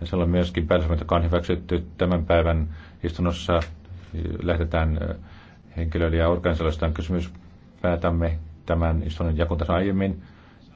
Ja se on myöskin päätösmä, joka on hyväksytty tämän päivän istunnossa. Lähdetään henkilöiden ja organisaatioista kysymys. Päätämme tämän istunnon jakotason aiemmin.